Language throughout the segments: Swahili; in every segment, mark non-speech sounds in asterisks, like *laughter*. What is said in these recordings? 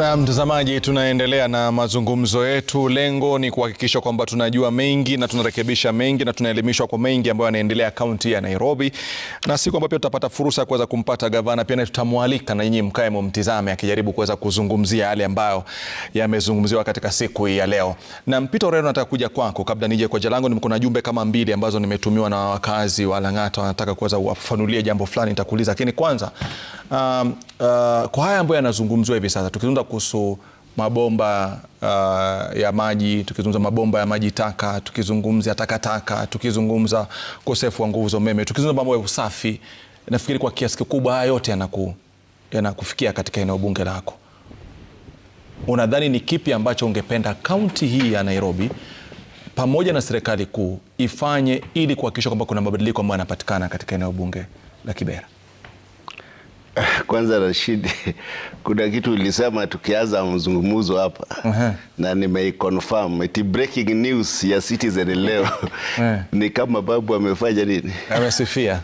Na mtazamaji, tunaendelea na mazungumzo yetu. Lengo ni kuhakikisha kwamba tunajua mengi na tunarekebisha mengi na tunaelimishwa kwa mengi ambayo yanaendelea kaunti ya Nairobi, na siku ambayo pia tutapata fursa ya kuweza kumpata gavana pia tutamwalika na nyinyi mkae mumtizame akijaribu kuweza kuzungumzia yale ambayo yamezungumziwa katika siku hii ya leo. Na mpito Orero, nataka kuja kwako kabla nije kwa jalango, niko na jumbe kama mbili ambazo nimetumiwa na wakazi wa Lang'ata, wanataka kuweza uwafanulie jambo fulani, nitakuuliza. Lakini kwanza um, uh, kwa haya ambayo yanazungumziwa hivi sasa tukizungumza kuhusu mabomba uh, ya maji, tukizungumza mabomba ya maji taka, tukizungumza takataka, tukizungumza ukosefu wa nguvu za umeme, tukizungumza mambo ya usafi, nafikiri kwa kiasi kikubwa haya yote yanaku yanakufikia katika eneo bunge lako. Unadhani ni kipi ambacho ungependa kaunti hii ya Nairobi pamoja na serikali kuu ifanye ili kuhakikisha kwamba kuna mabadiliko ambayo yanapatikana katika eneo bunge la Kibera? *laughs* Kwanza Rashid, kuna kitu ulisema tukianza mzungumuzo hapa uh -huh. na nimeiconfirm eti breaking news ya Citizen leo uh *laughs* -huh. ni kama babu amefanya nini, amesifia *laughs*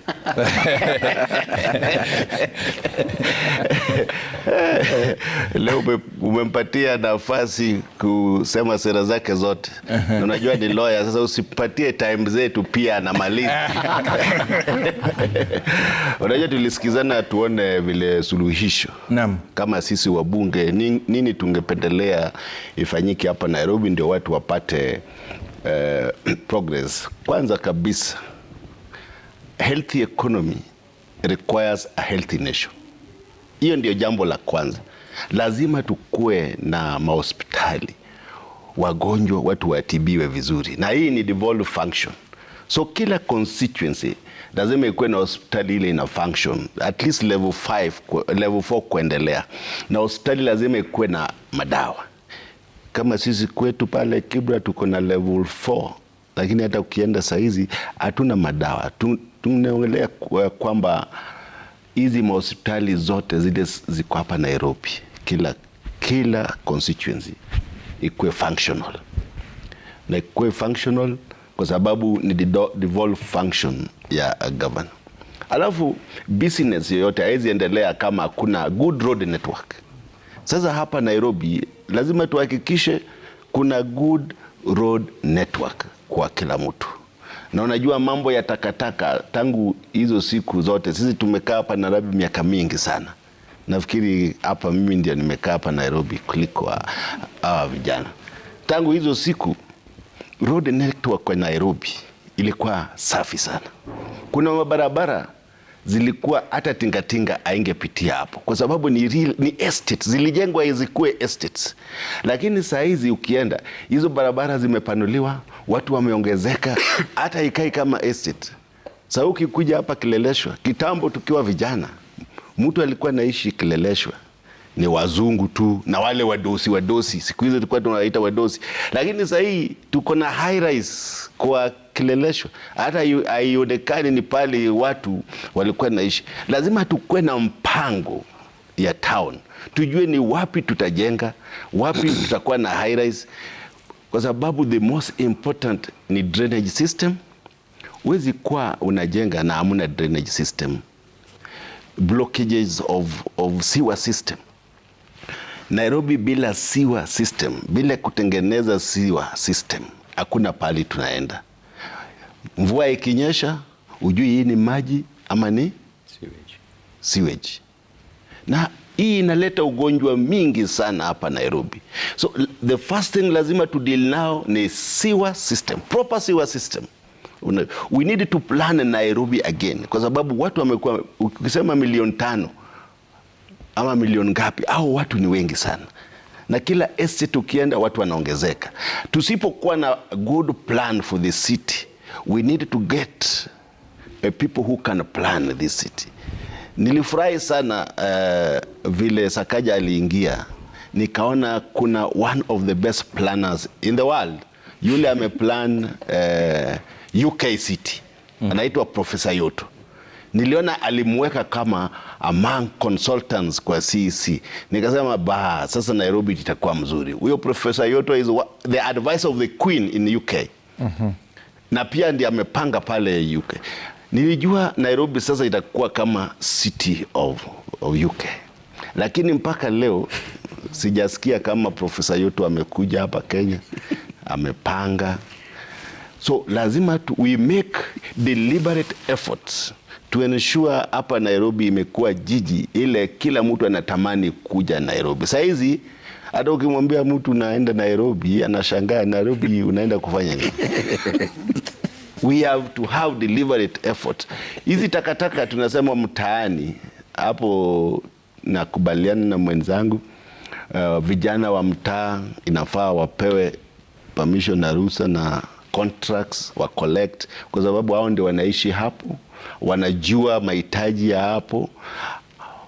leo umempatia nafasi kusema sera zake zote uh -huh. unajua ni lawyer sasa, usipatie time zetu pia na malizi unajua tulisikizana tuone vile suluhisho Naam. Kama sisi wabunge nini, nini tungependelea ifanyike hapa Nairobi ndio watu wapate eh, *clears throat* progress. Kwanza kabisa healthy economy requires a healthy nation. Hiyo ndio jambo la kwanza. Lazima tukue na mahospitali, wagonjwa watu watibiwe vizuri, na hii ni devolved function. So kila constituency lazima ikuwe na hospitali ile ina function at least level 5 level 4 kuendelea, na hospitali lazima ikuwe na madawa. Kama sisi kwetu pale Kibra tuko na level 4 lakini hata ukienda sahizi hatuna madawa. Tunaongelea eh, kwamba hizi mahospitali zote zile ziko hapa Nairobi, kila kila constituency ikuwe functional na ikuwe functional kwa sababu ni devolve function ya uh, governor. Alafu business yoyote haiwezi endelea kama hakuna good road network. Sasa hapa Nairobi lazima tuhakikishe kuna good road network kwa kila mtu, na unajua mambo ya takataka, tangu hizo siku zote sisi tumekaa hapa Nairobi miaka mingi sana. Nafikiri hapa mimi ndio nimekaa hapa Nairobi kuliko hawa uh, uh, vijana tangu hizo siku road network kwa Nairobi ilikuwa safi sana. Kuna barabara zilikuwa hata tingatinga aingepitia hapo, kwa sababu ni, real, ni estates zilijengwa izikuwe estates. Lakini saa hizi ukienda hizo barabara zimepanuliwa, watu wameongezeka, *coughs* hata ikai kama estate. Sasa ukikuja hapa Kileleshwa, kitambo tukiwa vijana, mtu alikuwa naishi Kileleshwa ni wazungu tu na wale wadosi wadosi, siku hizo tulikuwa tunawaita wadosi, lakini sasa hii tuko na high rise kwa kilelesho, hata haionekani ni pale watu walikuwa naishi. Lazima tukuwe na mpango ya town, tujue ni wapi tutajenga, wapi *clears throat* tutakuwa na high rise, kwa sababu the most important ni drainage system. Huwezi kuwa unajenga na hamuna drainage system, blockages of, of sewer system Nairobi bila siwa system, bila kutengeneza siwa system hakuna pali tunaenda. Mvua ikinyesha, ujui hii ni maji ama ni sewage. Sewage. Na hii inaleta ugonjwa mingi sana hapa Nairobi. So the first thing lazima to deal nao ni sewer system, proper sewer system. We need to plan Nairobi again, kwa sababu watu wamekuwa, ukisema milioni tano ama milioni ngapi, au watu ni wengi sana, na kila esti tukienda watu wanaongezeka. Tusipokuwa na good plan for the city, we need to get a people who can plan this city. Nilifurahi sana uh, vile Sakaja aliingia, nikaona kuna one of the best planners in the world, yule ameplan uh, eh, UK city, mm. anaitwa Profesa Yoto niliona alimweka kama among consultants kwa CEC. Nikasema ba sasa Nairobi itakuwa mzuri. Huyo Profesa Yoto is the advice of the Queen in UK. Mm -hmm. Na pia ndiye amepanga pale UK. Nilijua Nairobi sasa itakuwa kama city of, of UK, lakini mpaka leo sijasikia kama Profesa Yoto amekuja hapa Kenya amepanga. So lazima tu, we make deliberate efforts to ensure hapa Nairobi imekuwa jiji ile kila mtu anatamani kuja Nairobi. Saa hizi hata ukimwambia mtu naenda Nairobi anashangaa, Nairobi *laughs* unaenda kufanya nini? We have to have deliberate effort. Hizi takataka tunasema mtaani hapo, nakubaliana na mwenzangu uh, vijana wa mtaa inafaa wapewe permission na ruhusa na contracts wa collect, kwa sababu hao ndio wanaishi hapo wanajua mahitaji ya hapo.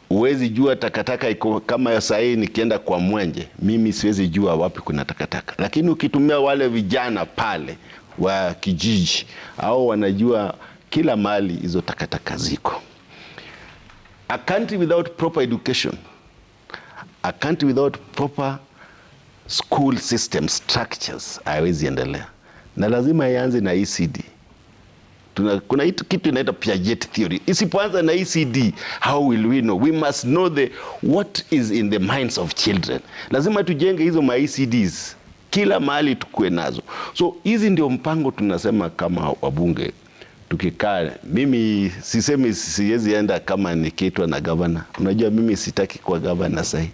Huwezi jua takataka iko kama saa nikienda kwa Mwenje mimi siwezi jua wapi kuna takataka, lakini ukitumia wale vijana pale wa kijiji, au wanajua kila mahali hizo takataka ziko. A country without proper education, a country without proper school system structures haiwezi endelea, na lazima ianze na ECD. Tuna, kuna itu, kitu inaitwa Piaget theory. Isipoanza na ECD, how will we know? We must know the what is in the minds of children. Lazima tujenge hizo ma ECDs kila mahali tukue nazo. So hizi ndio mpango tunasema kama wabunge tukikaa. Mimi sisemi siwezi enda kama nikitwa na gavana. Unajua mimi sitaki kuwa gavana sahi.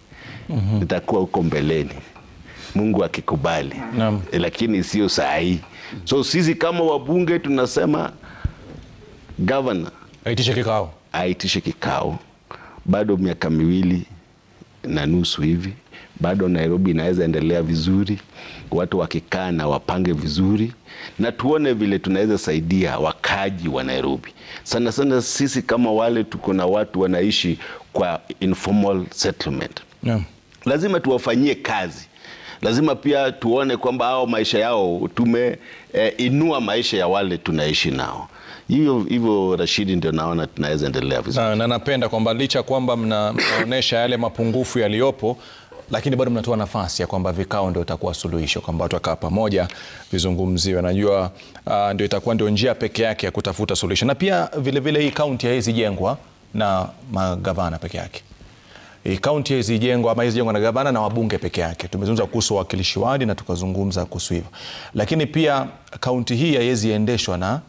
mm -hmm. Nitakuwa huko mbeleni Mungu akikubali, lakini sio saa So sisi kama wabunge tunasema Gavana aitishe kikao, aitishe kikao, bado miaka miwili na nusu hivi bado Nairobi inaweza endelea vizuri, watu wakikaa na wapange vizuri, na tuone vile tunaweza saidia wakaji wa Nairobi. Sana sana sisi kama wale tuko na watu wanaishi kwa informal settlement yeah. Lazima tuwafanyie kazi lazima pia tuone kwamba hao maisha yao tumeinua eh, maisha ya wale tunaishi nao. Hivyo hivyo Rashidi, ndio naona tunaweza endelea vizuri na, na napenda kwamba licha kwamba mnaonyesha yale mapungufu yaliyopo lakini bado mnatoa nafasi ya kwamba vikao ndio itakuwa suluhisho, kwamba watu wakaa pamoja vizungumziwe. Najua uh, ndio itakuwa ndio njia peke yake ya kutafuta suluhisho, na pia vilevile hii kaunti haizijengwa na magavana peke yake. E, kaunti zijengwa ama izijengwa na gavana na wabunge peke yake. Tumezungumza kuhusu wawakilishi wadi na tukazungumza kuhusu hivyo, lakini pia kaunti hii haiwezi endeshwa na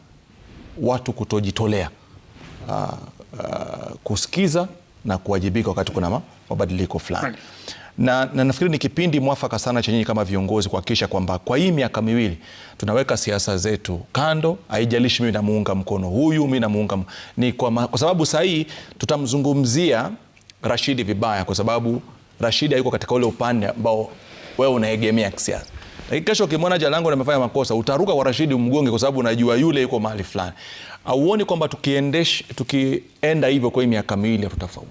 watu kutojitolea uh, uh, kusikiza na kuwajibika wakati kuna mabadiliko fulani na, na nafikiri ni kipindi mwafaka sana cha nyinyi kama viongozi kuhakikisha kwamba kwa hii miaka miwili tunaweka siasa zetu kando. Haijalishi mimi namuunga mkono huyu, mimi namuunga ni kwa, ma, kwa sababu sahii tutamzungumzia Rashidi vibaya, kwa sababu Rashidi hayuko katika ule upande ambao wewe unaegemea kisiasa. Lakini kesho ukimwona Jalango amefanya makosa, utaruka kwa Rashidi umgonge, kwa sababu unajua yule yuko mahali fulani. Auoni kwamba tukiendesh tukienda hivyo kwa miaka miwili hatutafaulu?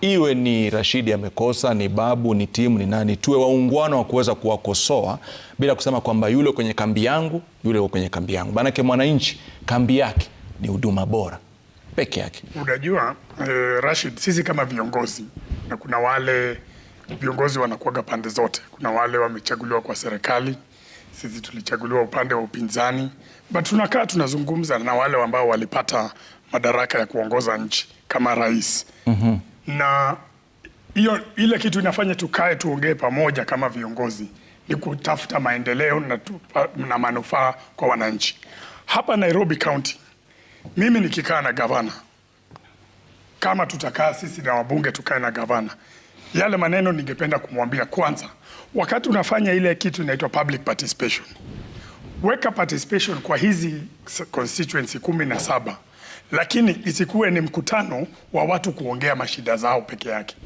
Iwe ni Rashidi amekosa, ni Babu, ni timu, ni nani, tuwe waungwana wa kuweza kuwakosoa bila kusema kwamba yule kwenye kambi yangu, yule kwenye kambi yangu. Maanake mwananchi kambi yake ni huduma bora peke yake. Unajua eh, Rashid, sisi kama viongozi na kuna wale viongozi wanakuaga pande zote. Kuna wale wamechaguliwa kwa serikali, sisi tulichaguliwa upande wa upinzani, but tunakaa tunazungumza na wale ambao walipata madaraka ya kuongoza nchi kama rais mm -hmm. na hiyo ile kitu inafanya tukae tuongee pamoja kama viongozi ni kutafuta maendeleo na, na manufaa kwa wananchi hapa Nairobi County mimi nikikaa na gavana, kama tutakaa sisi na wabunge tukae na gavana, yale maneno ningependa kumwambia kwanza, wakati unafanya ile kitu inaitwa public participation, weka participation kwa hizi constituency kumi na saba, lakini isikuwe ni mkutano wa watu kuongea mashida zao peke yake.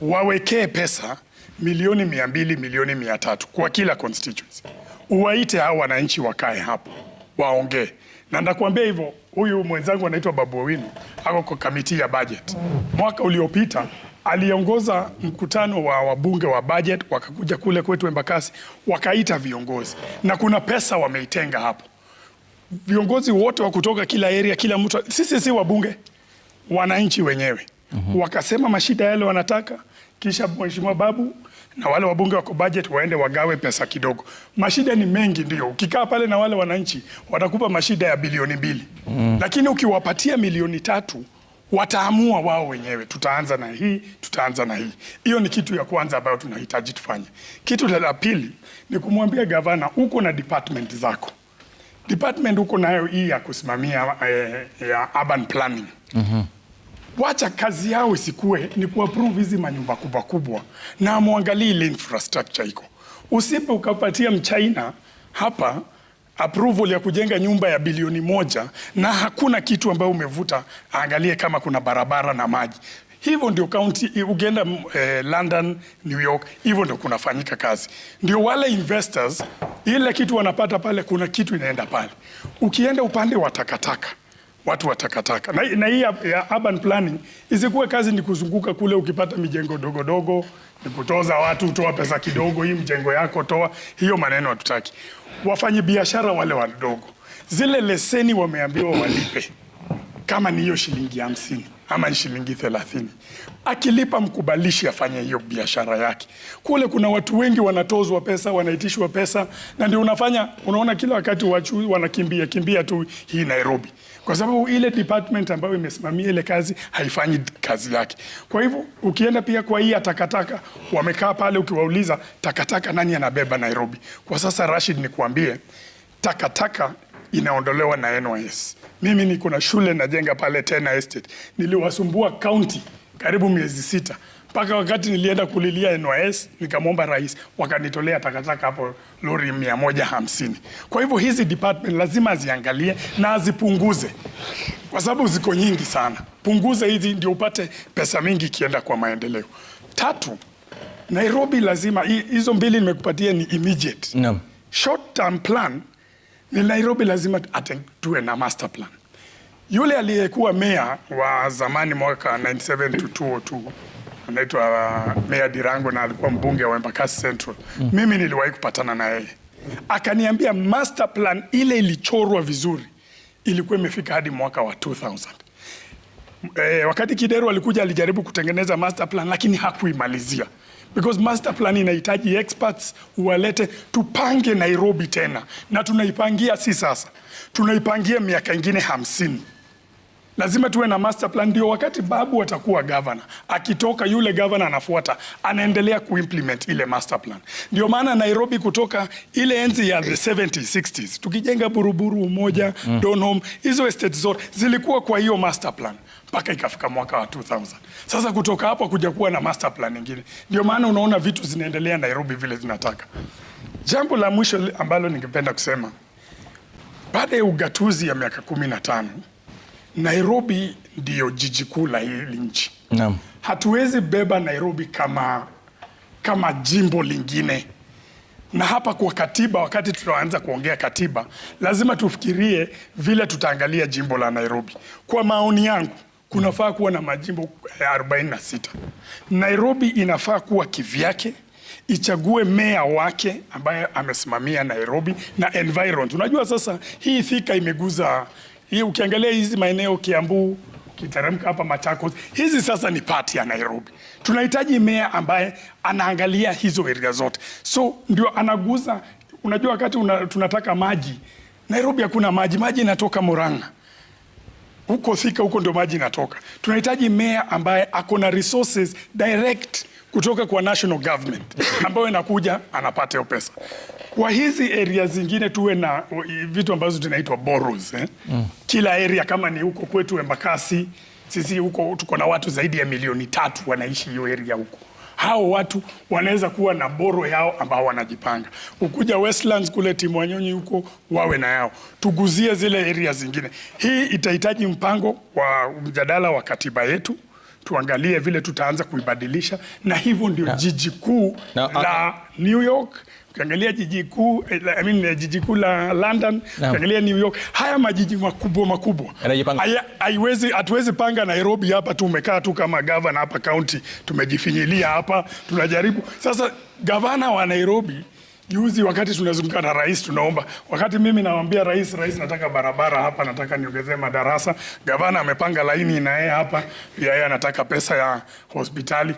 Wawekee pesa milioni mia mbili milioni mia tatu kwa kila constituency, uwaite hao wananchi wakae hapo waongee, na ndakuambia hivyo huyu mwenzangu anaitwa Babu Owino ako kwa kamiti ya budget. Mwaka uliopita aliongoza mkutano wa wabunge wa budget, wakakuja kule kwetu Embakasi, wakaita viongozi na kuna pesa wameitenga hapo, viongozi wote wa kutoka kila area, kila mtu, sisi si wabunge, wananchi wenyewe. mm -hmm. Wakasema mashida yale wanataka, kisha mheshimiwa Babu na wale wabunge wako budget waende wagawe pesa kidogo. Mashida ni mengi, ndio ukikaa pale na wale wananchi watakupa mashida ya bilioni mbili mm. Lakini ukiwapatia milioni tatu wataamua wao wenyewe, tutaanza na hii, tutaanza na hii. Hiyo ni kitu ya kwanza ambayo tunahitaji tufanye. Kitu la pili ni kumwambia gavana, uko na department zako, department uko nayo hii ya kusimamia eh, ya urban planning mm -hmm wacha kazi yao isikue ni kuapprove hizi manyumba kubwa kubwa, na mwangalie ile infrastructure iko. Usipo ukapatia mchina hapa approval ya kujenga nyumba ya bilioni moja na hakuna kitu ambayo umevuta, angalie kama kuna barabara na maji. Hivyo ndio county ukienda eh, London, New York, hivyo ndio kunafanyika kazi. Ndio wale investors ile kitu wanapata pale, kuna kitu inaenda pale. Ukienda upande wa takataka watu wa takataka na, na hii ya urban planning isikuwe kazi ni kuzunguka kule ukipata mijengo dogodogo ni kutoza watu, utoa pesa kidogo, hii mjengo yako toa. Hiyo maneno hatutaki. Wafanye biashara wale wadogo, zile leseni wameambiwa walipe, kama ni hiyo shilingi hamsini ama shilingi thelathini. Akilipa mkubalishi afanye hiyo biashara yake. Kule kuna watu wengi wanatozwa pesa, wanaitishwa pesa, na ndio unafanya unaona kila wakati wachu wanakimbia kimbia tu hii Nairobi, kwa sababu ile department ambayo imesimamia ile kazi haifanyi kazi yake. Kwa hivyo ukienda pia kwa hii takataka, wamekaa pale, ukiwauliza takataka nani anabeba Nairobi kwa sasa, Rashid, nikuambie takataka inaondolewa na NYS. Mimi niko na shule najenga pale Tena Estate, niliwasumbua county karibu miezi sita mpaka wakati nilienda kulilia NYS nikamwomba rais, wakanitolea takataka hapo lori mia moja hamsini. Kwa hivyo hizi department lazima ziangalie na zipunguze, kwa sababu ziko nyingi sana. Punguze hizi ndio upate pesa mingi ikienda kwa maendeleo. Tatu, Nairobi lazima hizo mbili nimekupatia ni immediate. No. Short term plan ni Nairobi lazima tuwe na master plan. Yule aliyekuwa meya wa zamani mwaka 97 to 202 anaitwa uh, Meya Dirango na alikuwa mbunge wa Embakasi Central. Mm. Mimi niliwahi kupatana na yeye akaniambia master plan ile ilichorwa vizuri ilikuwa imefika hadi mwaka wa 2000. E, eh, wakati Kidero alikuja alijaribu kutengeneza master plan lakini hakuimalizia because master plan inahitaji experts walete, tupange Nairobi tena, na tunaipangia si sasa, tunaipangia miaka ingine hamsini. Lazima tuwe na master plan, ndio wakati babu atakuwa governor, akitoka yule governor anafuata, anaendelea kuimplement ile master plan. Ndio maana Nairobi kutoka ile enzi ya the 70s, 60s tukijenga Buruburu, Umoja, mm. Donholm, hizo estate zote zilikuwa kwa hiyo master plan mpaka ikafika mwaka wa 2000. Sasa kutoka hapo kuja kuwa na master plan nyingine, ndio maana unaona vitu zinaendelea Nairobi vile zinataka. Jambo la mwisho ambalo ningependa kusema, baada ya ugatuzi ya miaka 15, Nairobi ndiyo jiji kuu la hili nchi. Naam. Hatuwezi beba Nairobi kama, kama jimbo lingine na hapa kwa katiba, wakati tunaanza kuongea katiba, lazima tufikirie vile tutaangalia jimbo la Nairobi. Kwa maoni yangu kunafaa kuwa na majimbo 46. Nairobi inafaa kuwa kivyake ichague meya wake ambaye amesimamia Nairobi na environment. Unajua sasa hii thika imeguza hii, ukiangalia hizi maeneo Kiambu, ukiteremka hapa Machakos, hizi sasa ni pati ya Nairobi. Tunahitaji meya ambaye anaangalia hizo area zote, so ndio anaguza. Unajua wakati una, tunataka maji Nairobi hakuna maji, maji inatoka Murang'a huko Thika, huko ndio maji inatoka. Tunahitaji mea ambaye ako na resources direct kutoka kwa national government ambayo inakuja anapata hiyo pesa. Kwa hizi area zingine tuwe na vitu ambazo tunaitwa boroughs eh? Mm. Kila area kama ni huko kwetu Embakasi, sisi huko tuko na watu zaidi ya milioni tatu wanaishi hiyo area huko hao watu wanaweza kuwa na boro yao ambao wanajipanga. Ukuja Westlands kule Timwanyonyi huko wawe na yao, tuguzie zile area zingine. Hii itahitaji mpango wa mjadala wa katiba yetu tuangalie vile tutaanza kuibadilisha, na hivyo ndio jiji kuu la New York ukiangalia jiji kuu I mean, jiji kuu la London ukiangalia New York, haya majiji makubwa makubwa, haiwezi hatuwezi panga Nairobi hapa tu umekaa tu kama gavana hapa county, tumejifinyilia hapa tunajaribu sasa. Gavana wa Nairobi Juzi wakati tunazunguka na rais, tunaomba wakati mimi nawambia rais, rais, nataka barabara hapa, nataka niongezee madarasa. Gavana amepanga laini na yeye hapa pia, yeye anataka pesa ya hospitali.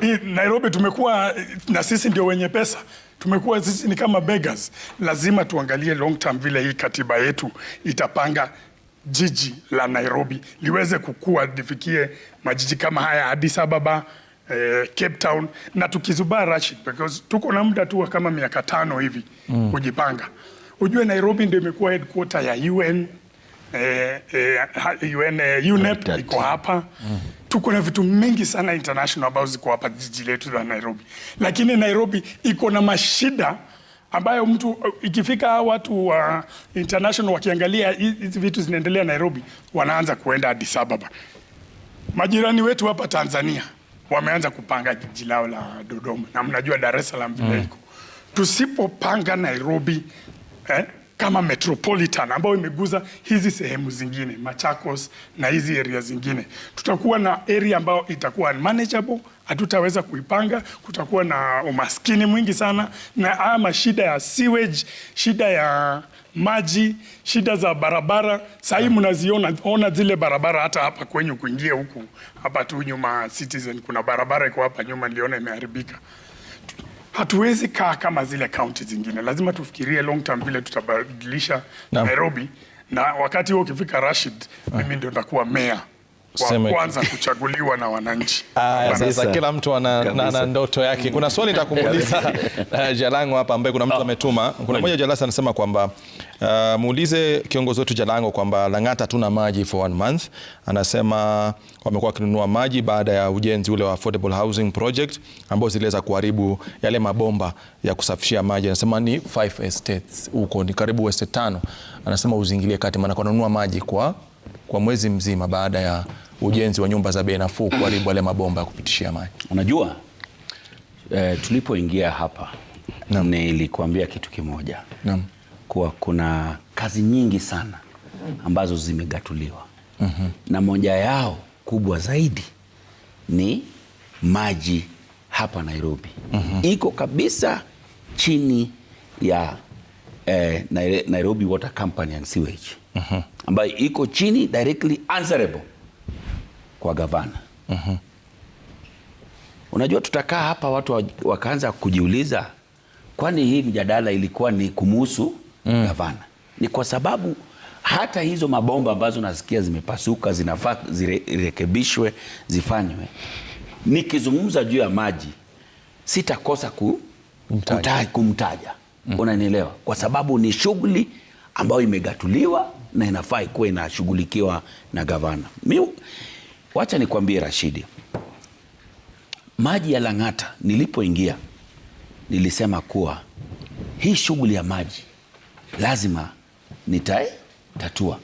hii Nairobi tumekuwa na sisi ndio wenye pesa, tumekuwa sisi ni kama beggars. Lazima tuangalie long term vile hii katiba yetu itapanga jiji la Nairobi liweze kukua, lifikie majiji kama haya Addis Ababa Eh, Cape Town na tukizubaa Rashid because tuko na muda tu wa kama miaka tano hivi mm. kujipanga. Ujue Nairobi ndio imekuwa headquarter ya UN eh, eh, UN eh, UNEP iko hapa mm. Tuko na vitu mingi sana international ambazo ziko hapa jiji letu la Nairobi, lakini Nairobi iko na mashida ambayo mtu eh, ikifika watu wa uh, international wakiangalia hizi vitu zinaendelea Nairobi, wanaanza kuenda Addis Ababa. Majirani wetu hapa Tanzania wameanza kupanga jiji lao la Dodoma na mnajua Dar es Salaam vile mm. iko mm. Tusipopanga Nairobi eh, kama metropolitan ambayo imeguza hizi sehemu zingine Machakos na hizi area zingine, tutakuwa na area ambayo itakuwa unmanageable, hatutaweza kuipanga. Kutakuwa na umaskini mwingi sana na haya ah, mashida ya sewage, shida ya maji, shida za barabara. Sasa hii mnaziona, ona zile barabara hata hapa kwenye kuingia huku hapa tu nyuma Citizen, kuna barabara iko hapa nyuma niliona imeharibika. Hatuwezi kaa kama zile kaunti zingine, lazima tufikirie long term vile tutabadilisha Nairobi, na wakati huo ukifika, Rashid, mimi ah. ndio nitakuwa mayor wa kwanza kuchaguliwa na wananchi. *laughs* Aya, sasa kila mtu ana, na, na ndoto yake. Kuna swali nitakuuliza uh, *laughs* *laughs* Jalango hapa ambaye kuna mtu oh, ametuma. Kuna mmoja Jalasa anasema kwamba uh, muulize kiongozi wetu Jalango kwamba Lang'ata tuna maji for one month. Anasema wamekuwa wakinunua maji baada ya ujenzi ule wa affordable housing project ambao ziliweza kuharibu yale mabomba ya kusafishia maji. Anasema ni five estates huko ni karibu estate tano. Anasema uzingilie kati, maana kununua maji kwa kwa mwezi mzima baada ya ujenzi wa nyumba za bei nafuu, kuharibu wale mabomba ya kupitishia maji. Unajua eh, tulipoingia hapa nilikuambia kitu kimoja Naam. kuwa kuna kazi nyingi sana ambazo zimegatuliwa mm -hmm. na moja yao kubwa zaidi ni maji hapa Nairobi mm -hmm. iko kabisa chini ya eh, Nairobi Water Company and Sewage mm -hmm. ambayo iko chini directly answerable kwa gavana uh -huh. Unajua, tutakaa hapa watu wakaanza kujiuliza, kwani hii mjadala ilikuwa ni kumuhusu mm. gavana? Ni kwa sababu hata hizo mabomba ambazo nasikia zimepasuka zinafaa zirekebishwe, zifanywe. Nikizungumza juu ya maji sitakosa ku, kumtaja, kumtaja. Mm. Unanielewa, kwa sababu ni shughuli ambayo imegatuliwa na inafaa ikuwa inashughulikiwa na gavana Wacha nikwambie Rashidi, maji ya Lang'ata nilipoingia nilisema kuwa hii shughuli ya maji lazima tatua.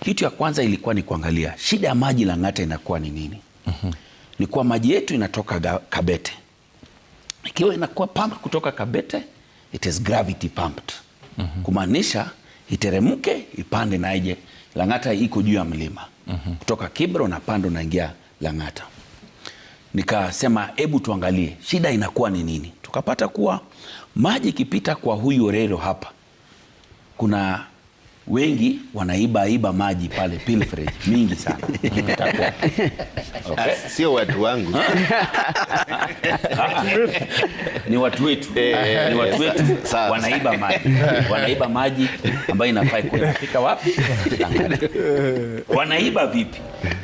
Kitu ya kwanza ilikuwa ni kuangalia shida ya maji Lang'ata inakuwa ni nini? mm -hmm. Ni kuwa maji yetu inatoka Kabete, ikiwa inakuwa pump kutoka Kabete, it is gravity pumped. mm -hmm. Kumaanisha iteremke ipande na ije. Lang'ata iko juu ya mlima -hmm. Kutoka Kibra pando naingia Lang'ata. Nikasema hebu tuangalie shida inakuwa ni nini. Tukapata kuwa maji ikipita kwa huyu Orero hapa kuna wengi wanaiba iba maji pale pilferage mingi sana okay. Sio watu wangu ni watu wetu eh, ni watu eh, wetu wanaiba maji wanaiba maji ambayo inafai kufika wapi? wanaiba vipi?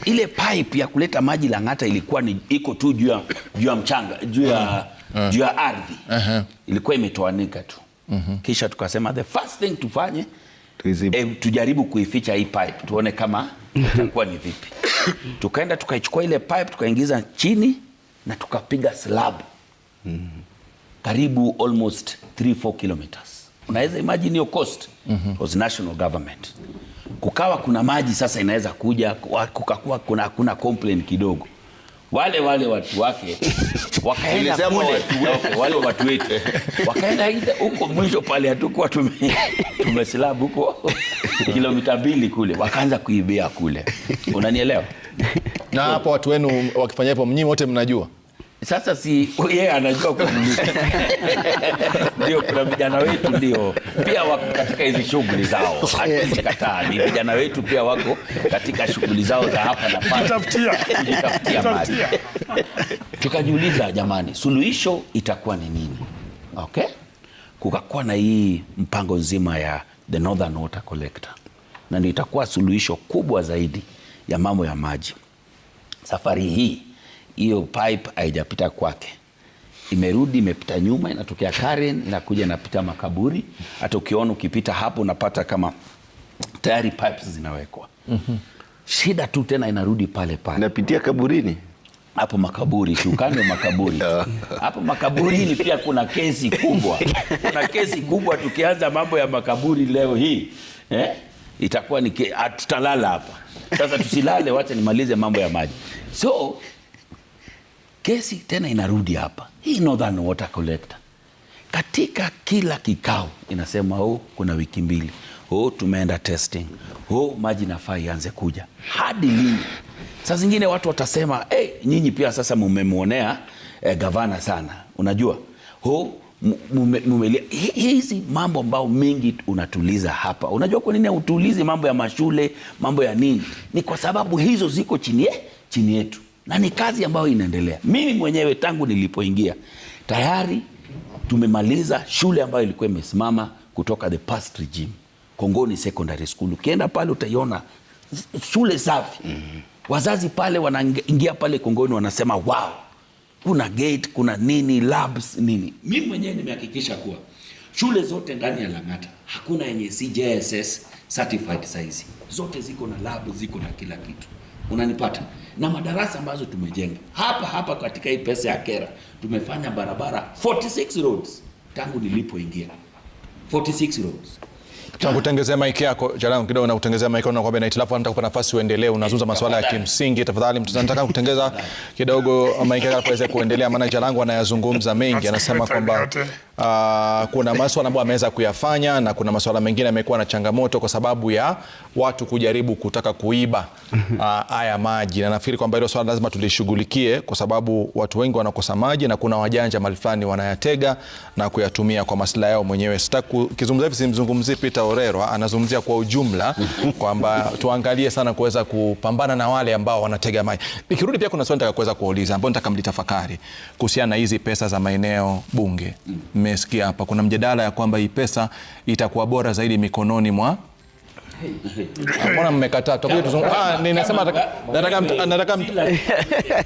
Ile pipe ya kuleta maji Lang'ata ilikuwa ni iko tu juu ya mchanga juu ya mm. juu ya ardhi uh-huh. ilikuwa imetoanika tu, mm-hmm. kisha tukasema the first thing tufanye e, tujaribu kuificha hii pipe tuone kama itakuwa ni vipi. *laughs* Tukaenda tukaichukua ile pipe tukaingiza chini na tukapiga slab mm-hmm. karibu almost 3 4 kilometers. Unaweza imagine hiyo cost mm -hmm. was national government. Kukawa kuna maji sasa inaweza kuja, kukakuwa kuna hakuna complain kidogo wale wale watu wake *laughs* wakaenda kule wale watu wetu *laughs* wakaenda huko mwisho pale, hatukuwa tumesilabu huko *laughs* kilomita mbili kule, wakaanza kuibia kule, unanielewa? na hapo watu wenu wakifanya hivyo, mnyi wote mnajua sasa si yeye anajua *laughs* ndio. Kuna vijana wetu ndio pia wako katika hizi shughuli zao, *laughs* hatuwezi kataa, ni vijana wetu pia wako katika shughuli zao za hapa na pale mali. *laughs* Tukajiuliza, jamani, suluhisho itakuwa ni nini? Okay, kukakuwa na hii mpango nzima ya the Northern Water Collector, na ndio itakuwa suluhisho kubwa zaidi ya mambo ya maji safari hii hiyo pipe haijapita kwake, imerudi imepita nyuma, inatokea Karen, inakuja inapita makaburi. Hata ukiona ukipita hapo unapata kama tayari pipes zinawekwa. mm -hmm. Shida tu tena inarudi pale pale, napitia kaburini hapo makaburi kiukando makaburi *laughs* ah. hapo makaburini pia kuna kesi kubwa, kuna kesi kubwa. Tukianza mambo ya makaburi leo hii eh, itakuwa ni tutalala hapa sasa. Tusilale, wacha nimalize mambo ya maji so Kesi tena inarudi hapa, hii northern water collector. Katika kila kikao inasema oh, kuna wiki mbili, oh, tumeenda testing, oh, maji nafaa ianze kuja. Hadi lini? Saa zingine watu watasema hey, eh, nyinyi pia sasa mumemwonea eh, gavana sana, unajua oh, hizi mambo ambao mengi unatuliza hapa. Unajua kwa nini hautulizi mambo ya mashule, mambo ya nini? Ni kwa sababu hizo ziko chini, chini yetu na ni kazi ambayo inaendelea. Mimi mwenyewe tangu nilipoingia tayari tumemaliza shule ambayo ilikuwa imesimama kutoka the past regime, Kongoni Secondary School. Ukienda pale utaiona shule safi mm -hmm. Wazazi pale wanaingia pale Kongoni wanasema wow, kuna gate, kuna nini, labs nini. Mimi mwenyewe nimehakikisha kuwa shule zote ndani ya Lang'ata hakuna yenye CJSS certified size, zote ziko na lab, ziko na kila kitu unanipata na madarasa ambazo tumejenga hapa hapa katika hii pesa ya kera, tumefanya barabara 46 roads tangu nilipoingia 46 roads. Nakutengezea maiki yako Jalan kidogo, nakutengezea maiki na kwamba hata kupata nafasi uendelee, unazunguza masuala ya kimsingi. Tafadhali nataka *laughs* kutengeza kidogo maiki yako ili kuendelea, maana Jalangu anayazungumza mengi, anasema kwamba Uh, kuna maswala ambayo ameweza kuyafanya na kuna maswala mengine amekuwa na changamoto kwa sababu ya watu kujaribu kutaka kuiba mhm. ah, haya uh, maji, na nafikiri kwamba hilo swala lazima tulishughulikie kwa sababu watu wengi wanakosa maji na kuna wajanja mali fulani wanayatega na kuyatumia kwa maslahi yao mwenyewe. Sitaki kizungumza hivi, simzungumzii Peter Orero, anazungumzia kwa ujumla *laughs* kwamba tuangalie sana kuweza kupambana na wale ambao wanatega maji. Nikirudi pia kuna swali nitaka kuweza kuuliza ambapo nitakamlitafakari kuhusiana na hizi pesa za maeneo bunge mm mmesikia hapa, kuna mjadala ya kwamba hii pesa itakuwa bora zaidi mikononi mwa Mbona mmekataa? Tutakuja tuzungumze. Ah, ninasema nataka nataka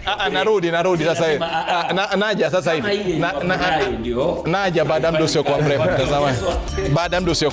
ah, ah, narudi narudi sasa hivi. Ah, naja sasa hivi. Naja baada mrefu Baada mrefu.